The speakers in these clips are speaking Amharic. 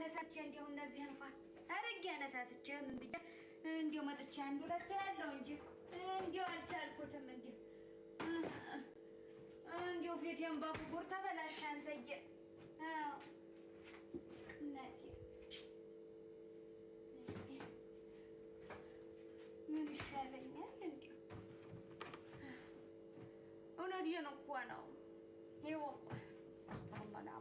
አነሳች እንዲሁ እነዚህ እንኳ አረግ ያነሳስች እንብጃ እንዲሁ መጥቻ አንዱ ለተያለው እንጂ እንዲሁ አልቻልኩትም። እንዲሁ እንዲሁ ፊቴን ባኩኩር ተበላሽ። አንተዬ እናቴ ምን ይሻለኛል? እንዲሁ እውነቴን እኮ ነው ይወቋ ነው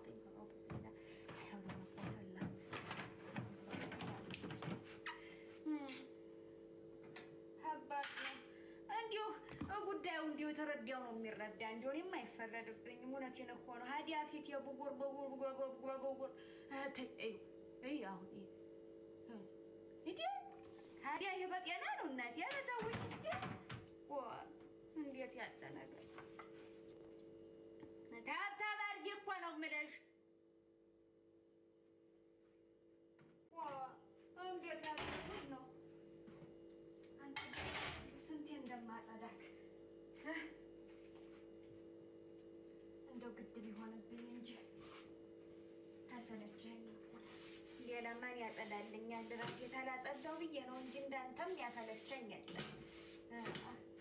እንዲሁ የተረዳው ነው የሚረዳ። እንዲሁ የማይፈረድብኝ አይፈረድብኝም። እውነቴን ነው። ሀዲያ ፊት የብጉር ብጉር ብጉር ብጉር አሁን ሂዲ ሀዲያ ይህ በጤና ነው እናቴ ያለታዊ እንደው ግድብ ቢሆንብኝ እንጂ አሰለቸኝ። ሌላ ማን ያጸዳልኛል? ራሴ ብዬ ነው እንጂ እንዳንተም ያሰለቸኝ የለም። አላህ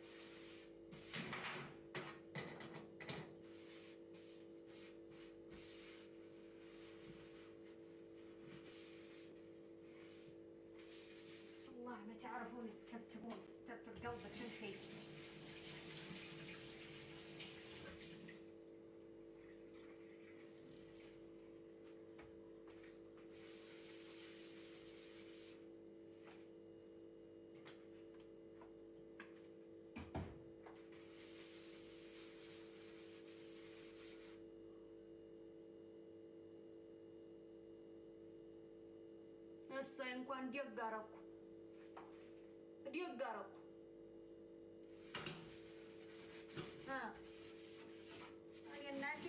ስለተነሳይ እንኳን ደግ አደረኩ ደግ አደረኩ። እናቴ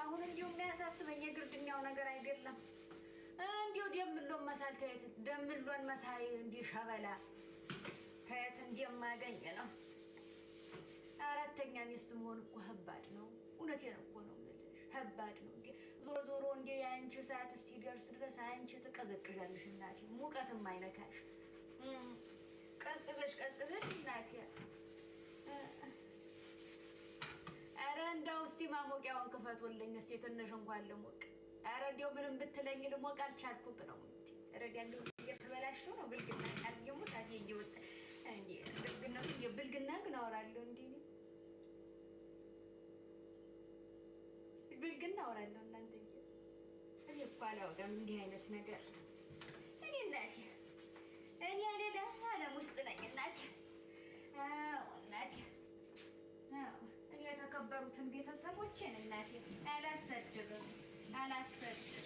አሁን እንዲሁ የሚያሳስበኝ የግርድኛው ነገር አይደለም። እንዲሁ ደምሎን መሳል ተየት ደምሎን መሳይ እንዲህ ሸበላ ተየት እንደማገኝ ነው። አራተኛ ሚስት መሆን እኮ ከባድ ነው። እውነቴን እኮ ነው። ከባድ ነው እንዴ! ዞሮ ዞሮ እንዴ የአንቺ ሰዓት እስኪደርስ ድረስ አንቺ ትቀዘቅዣለሽ እናቴ፣ ሙቀትም አይነካሽ። ቀዝቅዘሽ ቀዝቅዘሽ እናቴ። ኧረ እንደው እስቲ ማሞቂያውን ክፈቱልኝ እስቲ ትንሽ እንኳን ልሞቅ። ኧረ እንደው ምንም ብትለኝ ልሞቅ አልቻልኩብ ነው ረዳ ነው ብልግና ብልግና ግን አወራለሁ እንዲ ግን አውራለሁ። እናንተ እኔ እኮ አላወራም እንዲህ አይነት ነገር። እኔ እናቴ እኔ ሌላ ዓለም ውስጥ ነኝ እናቴ። አዎ እናቴ፣ እኔ የተከበሩትን ቤተሰቦቼን እናቴ አላሰድብም፣ አላሰድብም